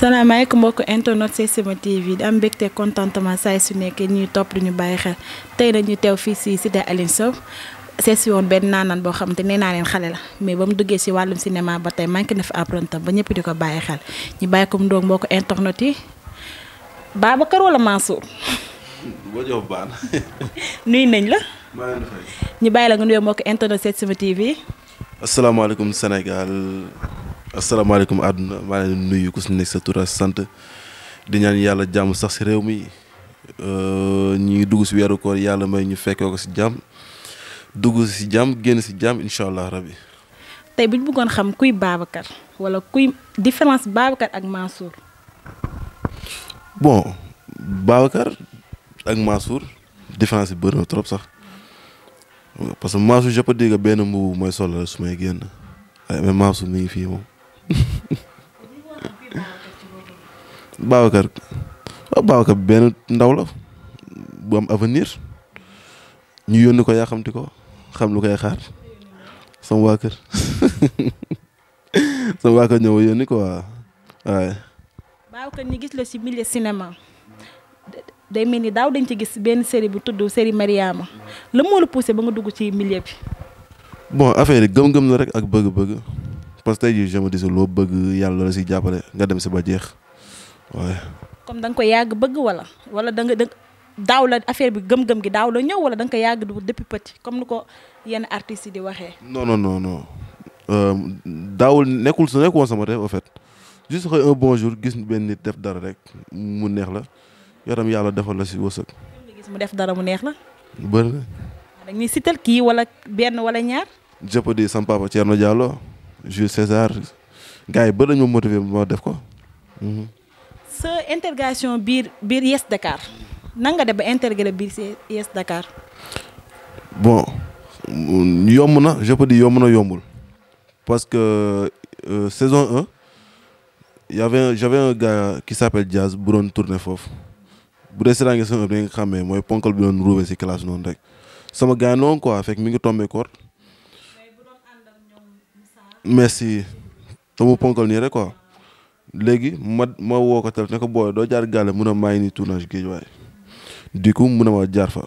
salaamaaleykum mbokk internet Setsima TV di am mbégte contentement saa su nekkee ñuy topp ñu bàyyi xel tey nag ñu teew fii si cité Aline Sow seesi woon benn naanaan boo xam te nee naa leen xale la mais ba mu duggee si wàllum cinéma ba tey manqué na fi apprenti ba ñëpp di ko bàyyi xel ñu bàyyi ko mu doog mbokk internet yi Babacar wala Mansour. boo jox baan. la. ñu bàyyi la nga nuyoo mbokk internet Setsima TV. asalaamaaleykum Sénégal. asalaamaaleykum àdduna maa leen nuyu ku si nekk sa tur ak sant di ñaan yàlla jàmm sax si réew mi euh, ñu ngi dugg si weeru koor yàlla may ñu fekkee ko si jàmm dugg si jàmm génn si jàmm incha allah rabi. tey bu ñu bëggoon xam kuy Babacar wala kuy différence Babacar ak Mansour. bon Babacar ak Mansour différence bi bëri trop sax parce que Mansour je peux benn mbubu mooy solal su may génn mais Mansour mi ngi fii moom. Babacar waaw Babacar benn ndaw la bu am avenir ñu yónni ko yaa xamti ko xam lu koy xaar sama waa kër sama waa kër ñëw yónni ko waaw waaye. Babacar ñu gis la ci milieu cinéma day mel ni daaw dañ ci gis benn seri bu tudd seri Mariama la moo la ba nga dugg ci milieu bi. bon affaire yi gëm-gëm la rek ak bëgg-bëgg. parce que tey jii je me dis yàlla la si jàppale nga dem si ba jeex da nga ko yàgg bëgg wala wala da nga daaw la affaire bi gëm-gëm gi daaw la ñëw wala da nga ko yàgg depuis petit comme ni ko yenn artistes waxee. non non non euh, nekkul su nekkoon sama rêve en fait juste jour gis benn nit def dara rek mu neex la yaram yàlla defal la si def dara mu neex la. bëri na. sital kii wala benn wala ñaar. jëpp di sama papa Thierno Diallo. Jules César gars yi bëri nañu motivé moo def ko. Mhm. sa intégration biir biir Yes Dakar nan nga def ba intégré biir Yes Dakar. bon yomb na je peux dire yomb na yombul parce que euh, saison 1 y avait j'avais un gars qui s'appelle bu doon tourné foofu bu dee sera nga saison bi nga xamee mooy ponkal bi doon ruubee si classe noonu sama gars noonu quoi fekk mi ngi tombé koor merci te mu ponkal nii rek quoi léegi ma ma woo ko ne ko booy doo jaar gàlle mun a maa ngi nii tournage géej waaye du coup mun a ma jaar fa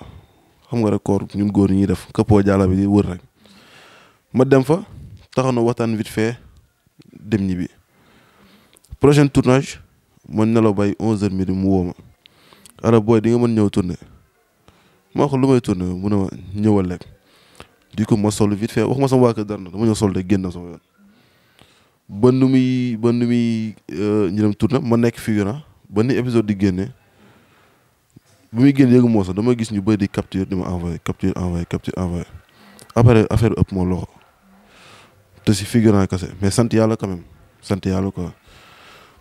xam nga rek koor ñun góor ñuy def këppoo jàlla bi di wër rek ma dem fa taxaw na waxtaan vite fait dem ñibbi prochain tournage man nelaw bay onze heures midi mu wooma ma booy di nga mën ñëw tourné ma wax lu may tourné mu ne ma ñëwal rek di ko ma sol vite fait waxuma sama waa kër dara na dama ñëw sol rek génn sama yoon ba nu muy ba nu euh, ma nekk figurant ba ni épisode di génne bu muy génn yëgu moo sax dama gis ñu bëri di capture di ma envoyé capture envoyé capture envoyé après affaire bi ëpp moo loxo te si figurant kese mais sant yàlla quand même sant yàlla quoi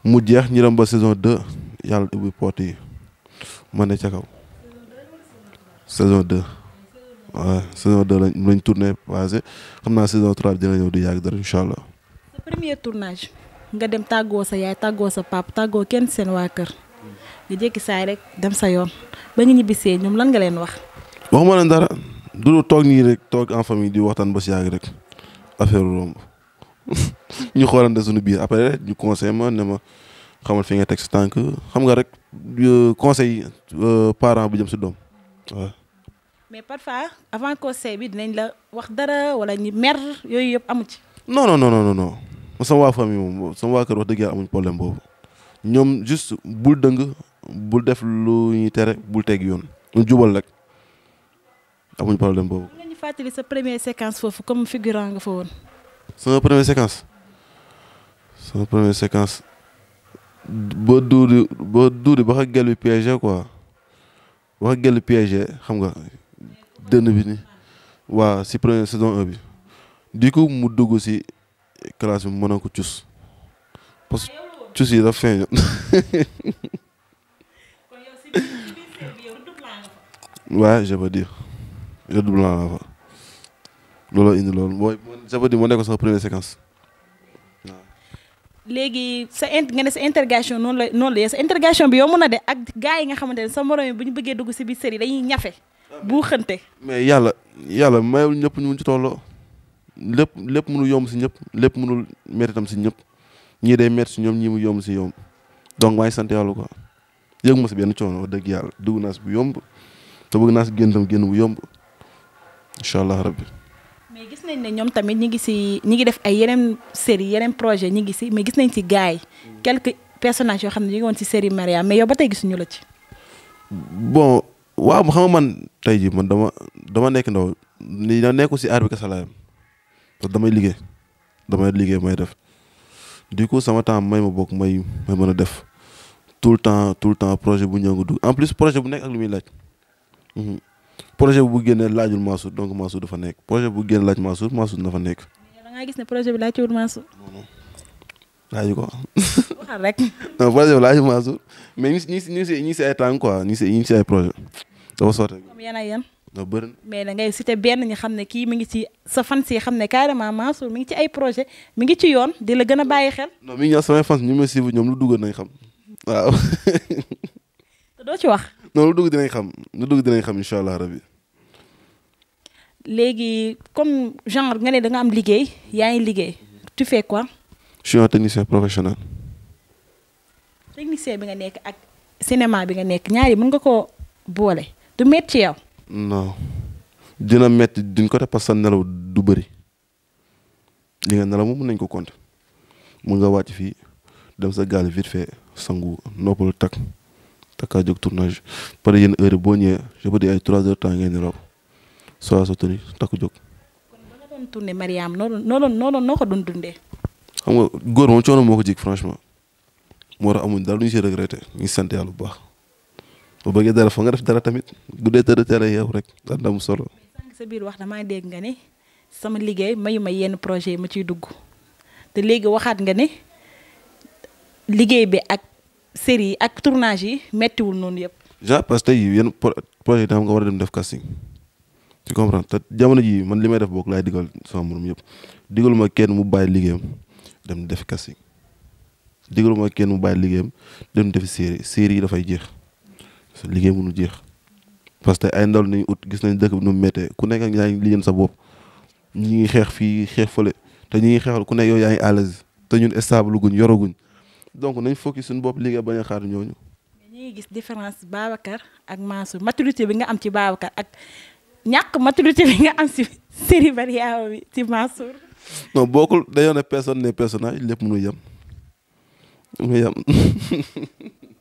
mu jeex ñu ba saison 2 yàlla ubbi porte yi ma ne ca kaw saison 2 waa saison 2 lañ lañ tourné xam naa saison 3 dina ñëw di yàgg dara incha allah. sa premier tournage nga dem tàggoo sa yaay tàggoo sa pap tàggoo kenn seen waa kër nga jékki saay rek dem sa yoon ba nga ñibbisee ñoom lan nga leen wax. waxuma leen dara du toog nii rek toog en famille di waxtaan ba si yàgg rek affaire romb ñu xoolante suñu biir après ñu conseil ma ne ma xamal fi nga teg sa tànk xam nga rek euh, conseil euh, parent bu jëm si doom mais parfois avant conseil bi dinañ la wax dara wala ñu mer yooyu yëpp amu ci. non non non non sama waa famille sama waa kër wax dëgg amuñ problème boobu ñoom juste bul dëng bul def lu ñuy tere bul teg yoon ñu jubal rek amuñ problème boobu. fàttali sa séquence foofu comme figurant nga fa woon. sama première séquence sama première séquence boo duudi ba duudi ba xa gel bi piégé quoi ba xa xam nga. dënn bi ni waa si première saison 1 bi di ko mu dugg si classe bi mën a ko cus parce que cus yi daf feeñoon waaw je veux dire redoublant laa loolu mooy je veux dire moo nekk sax première séquence léegi sa in nga ne sa interrogation noonu la noonu la sa interrogation bi yow mën a de ak gaa yi nga xamante ne sa morom yi bu ñu bëggee dugg si biir série dañuy ñafe buuxante. mais yàlla yàlla mayul ñëpp ñu ci tolloo lépp lépp mënul yomb si ñëpp lépp mënul métti tam si ñëpp ñii day métti si ñoom ñii mu yomb si yomb donc maa ngi sant yàlla quoi yëg ma si benn coono wax dëgg yàlla dugg naa si bu yomb te bëgg naa si génn tam génn bu yomb incha allah rabbi. mais gis nañ ne ñoom tamit ñi ngi si ñi ngi def ay yeneen série yeneen projet ñi ngi si mais gis nañ si gaay mm. quelques personnages yoo xam ne ñu ngi woon si série Maria mais yow te gis ñu la ci. waaw xam man tey jii man dama dama nekk ndaw ni na nekku si ar bi kese laayam parce damay liggéey damay liggéey may def di coup sama temps may ma bokk may may mën a def tout le temps tout le temps projet bu ñëw nga dugg en plus projet bu nekk ak lu muy laaj mhm. projet bu génne laajul Mansour donc Mansour dafa nekk projet bu génne laaj Mansour Mansour dafa nekk. da ngaa gis ne projet bi laajul ko. waxal rek. non projet bi laajul Mansour mais ñu ngi si ñu ngi si ñu ngi si ay temps ngi si ñu si ay projet. sama sorte. comme yan ak yan. no na mais da ngay benn ñi xam ne kii mi ngi ci sa fans yi xam ne carrément Mansour mi ngi ci ay projet mi ngi ci yoon di la gën a bàyyi xel. non mi ngi ñaax samay fans ñu ñoom lu dugg nañ xam doo ci wax. non lu dugg dinañ xam lu dugg dinañ xam incha allah rabi. léegi comme genre nga ne da am liggéey yaa ngi liggéey. tu fais quoi. je suis un technicien professionnel. technicien bi nga nekk ak cinéma bi nga nekk ñaari mën nga koo boole. du métti yow. non dina métti duñ ko def parce que nelaw du bëri li nga nelaw moom mën nañ ko compter mun nga wàcc fii dem sa gaal vite fait sangu noppalu takk takkaa jóg tournage par yenn heure boo ñëwee je peux dire ay trois heures temps ngay nelaw soo sa tenue takku jóg. kon ba nga doon tourné Mariam noo doon xam nga góor moom coono moo ko jig franchement moo tax amuñ daal lu ñu si regretté ñu sant yàlla bu baax. bu bëggee dara fa nga def dara tamit guddee tëdd teel a yeew rek daan am solo. sànq sa biir wax damaa dégg nga ne sama liggéey mayu ma yenn projet yi ma ciy dugg te léegi waxaat nga ne liggéey bi ak série yi ak tournage yi mettiwul noonu yëpp. genre parce que tey yenn projet def casting tu jamono ji man li may def boog laay digal sama morom yëpp digalu ma kenn mu bàyyi liggéeyam dem def casting digalu ma kenn mu bàyyi liggéeyam dem def série yi dafay jeex. liggéey mënu jeex parce que ay ndaw nañu ut gis nañ dëkk bi nu mu ku nekk ak yaa ngi lijjën sa bopp ñu ngi xeex fii xeex fële te ñi ngi xeexal ku nekk yooyu yaa ngi te ñun stable guñ yoraguñ donc nañ focus suñu bopp liggéey bañ a xaar ñooñu. ñi ngi gis différence Babacar ak Mansour maturité bi nga am ci Babacar ak ñàkk maturité bi nga am si Serigne Bariawa bi ci Mansour. non bokkul dañoo personne ne lépp mënuy yem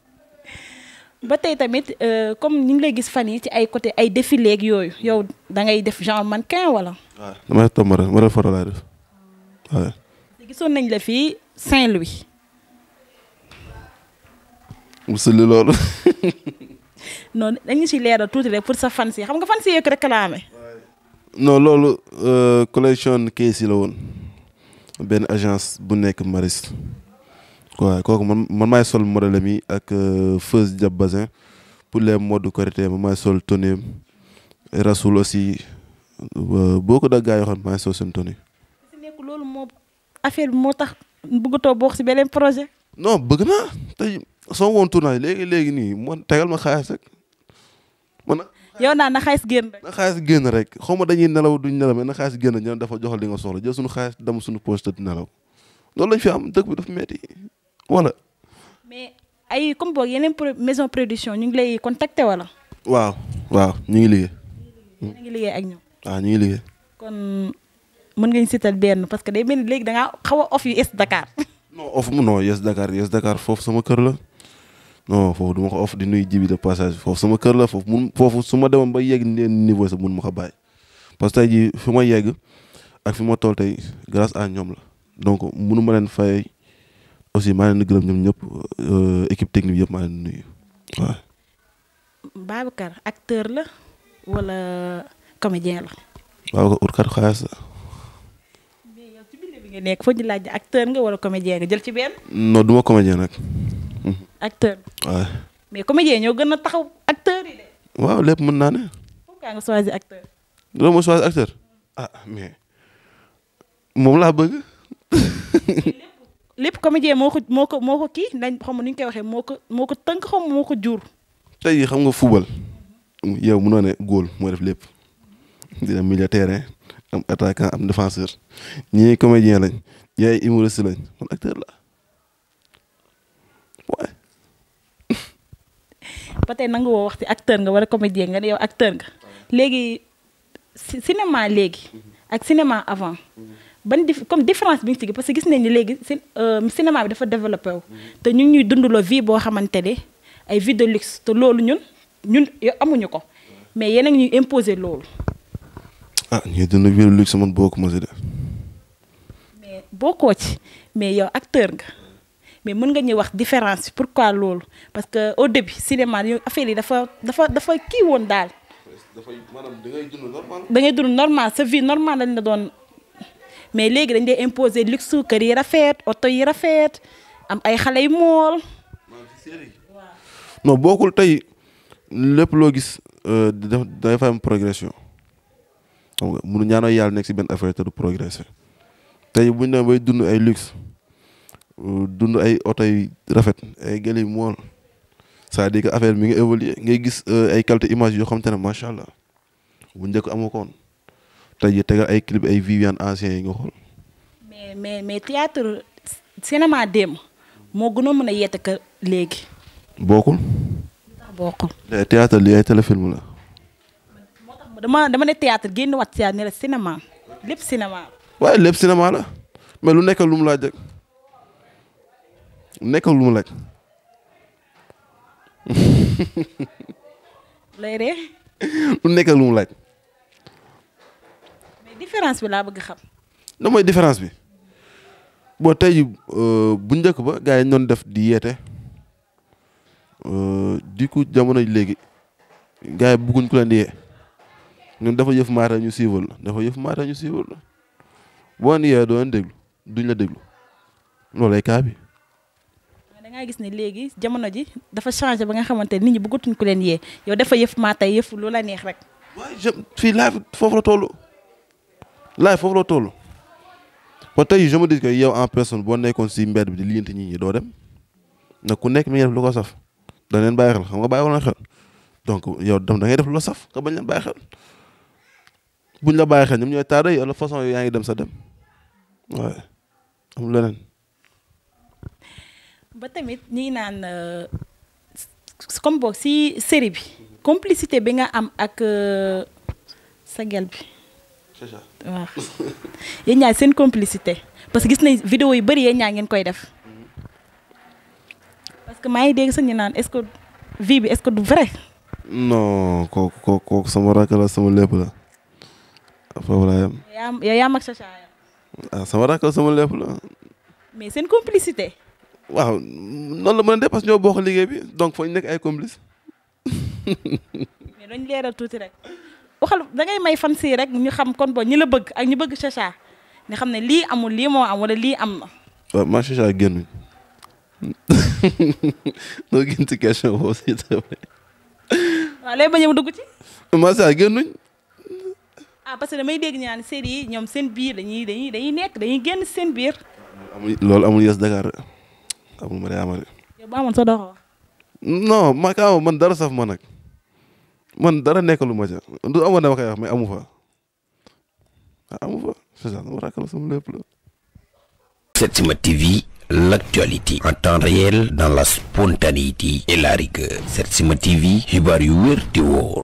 ba tey tamit euh, comme ñu ngi lay gis fan yi ci ay côté ay défilé yooyu yow da ngay def genre man wala. waaw damay toog ma rek ma rek photo laay def gisoon nañ la fii Saint-Louis. mosul li loolu. non dañu si leeral tuuti rek pour sa fan si xam nga fan si yëpp rek laa amee. non loolu euh, collection kees yi la woon benn agence bu nekk Maris. waaw kooku man man maay sol modèle mi ak feuse jab bazin pour les modes korité man maay sol tenue rasul aussi euh, boo ko dag gaa yoo xam ne maay sol seen tenue nekk loolu moo affaire bi moo tax si beneen projet non bëgg naa tey soo woon tournage léegi léegi nii man tegal ma xaalis man yow naa na xaalis génn rek na rek xaw ma dañuy nelaw duñ nelaw mais xaalis génn ñoom dafa joxal li nga soxla jël suñu xaalis dem suñu poche tëdd nelaw loolu fi am dëkk bi dafa metti wala. mais ay comme boog yeneen maison production ñu ngi lay contacter wala. waaw waaw ñu ngi liggéey. ak ñoom. waaw ñu ngi liggéey. kon mën nga ñu sital benn parce que day mel ni da ngaa xaw a yu Yes Dakar. foofu sama kër la non foofu du ma ko off di nuy jibi de passage foofu sama kër la foofu mun foofu su ma demoon ba yegg leen niveau sa mun ma ko bàyyi. parce que tey jii fi ma yegg ak fi ma toll tey grâce à ñoom la donc munu leen fay. aussi maa leen di gërëm ñëpp euh, équipe technique yëpp maa nuyu waaw. acteur la wala comédien la. Babacar utkat xaalis la. nekk foo ñu laaj acteur nga wala comédien nga jël ci benn. non du ma comédien nag. Mhm. mais comédien ñoo gën a taxaw acteur waaw lépp mën naa ne. Ah, moom laa bëgg. lépp comédien moo ko moo ko moo ko kii nañ xam ni ñu koy waxee moo ko moo ko tënk xam moo ko jur. tey xam nga football yow mënoo ne góol moo def lépp dina milieu terrain am attaquant am défenseur ñii comédien lañ ñii ay humoriste lañ man acteur la waxti acteur nga wala comédien nga ne yow acteur nga léegi cinéma léegi ak cinéma avant. ban dif comme différence bi ñu si parce que gis nañ ni léegi euh, cinéma bi dafa développé mm-hmm. te ñu ngi ñuy dundaloo vie boo xamante ne ay vie de luxe te loolu ñun ñun amuñu ko mais yéen a ñuy imposer loolu. ah ñuy dund vie de luxe man boo ko mos a def. mais ci mais yow acteur nga mais mën nga ñuy wax différence bi pourquoi loolu parce que au début cinéma yooyu affaire yi dafa dafa dafa kii woon daal. dafay maanaam da ngay dund normal. da ngay dund normal sa vie normale lañ la doon. mais léegi dañ dee imposer luxe kër yi rafet oto yi rafet am ay xale yu mool. non bokkul tey lépp loo gis euh, dafay fa am progression xam nga munu ñaanoo yàlla nekk si benn affaire te du progresser tey bu ñu demee bay dund ay luxe euh, dund ay oto yu rafet ay gël yu mool cest à affaire mi nga évoluer ngay gis euh, ay qualité image yoo xam te ne macha allah bu njëkk amoo tey jii tegal ay clip ay Viviane anciens yi nga mais mais mais théâtre cinéma démb moo gënoon mën a yeete léegi. bokkul. bokkul. théâtre lii ay téléfilm la. dama dama ne théâtre génn wat théâtre ne la cinéma lépp cinéma. waaye lépp cinéma la mais lu nekk lu laaj rek nekk lu laaj. différence bi laa bëgg xam. na mooy différence bi bon tey euh, bu njëkk ba gars yi doon def di yeete euh, di ko jamono léegi gars yi bëgguñ ku leen di yee ñun dafa yëf maata ñu siiwal la dafa yëf maata boo ni yee doo leen déglu duñ la déglu loolu ay cas bi. nga gis ne léegi jamono ji dafa changé ba nga xamante nit ñi bëggatuñ ku leen yee yow dafa yëf maa tey yëf lu neex rek. waaye laa foofu la laay foofu la toll te tey je me dis que yow en personne boo nekkoon si mbedd bi di liggéeyante nit ñi doo dem nag ku nekk mi ngi def lu ko saf da leen xel xam nga bàyyi woon xel donc yow dem da ngay def lu la saf nga bañ leen bàyyi xel buñ la bàyyi xel ñoom ñooy taal yow façon yaa ngi dem sa dem waaye amul leneen. ba tamit ñi naan euh, comme boog si série bi complicité bi nga am ak euh, sa gel bi. c'est ça waaw seen complicité parce que gis nañ vidéo yu bëri yéen ñaar ngeen koy def parce que maa ngi dégg sax naan est-ce que vie bi est-ce que du vrai. non kooku kooku kooku sama rakk lépp la foofu laa yem. yaa yaa mag Chacha. ah sama lépp la. mais seen complicité. waaw noonu la mën a parce que ñoo bokk liggéey bi donc foo ñu ay complice. mais leeral tuuti rek. waxal da ngay may fan si rek ñu xam kon bo ñi la bëgg ak ñu bëgg Chacha nga xam ne lii amul lii moo am wala lii am na. waaw maa Chacha génn noo génn ci question boobu si tamit. waaw lay bañ a dugg ah, que damay dégg ñu naan yi ñoom seen biir dañuy dañuy dañuy nekk dañuy génn seen biir. amul loolu amul yes Dakar amul Mariama de. yow bu amoon sa doxoo. non ma kaaw man dara saf ma man dara nekkalu ma ca du amoon dama koy mais amu fa ah, amu fa c'est ça dama rakkal sama lépp la. Setsima TV l'actualité en temps réel dans la spontanéité et la rigueur Setsima TV xibaar yu wér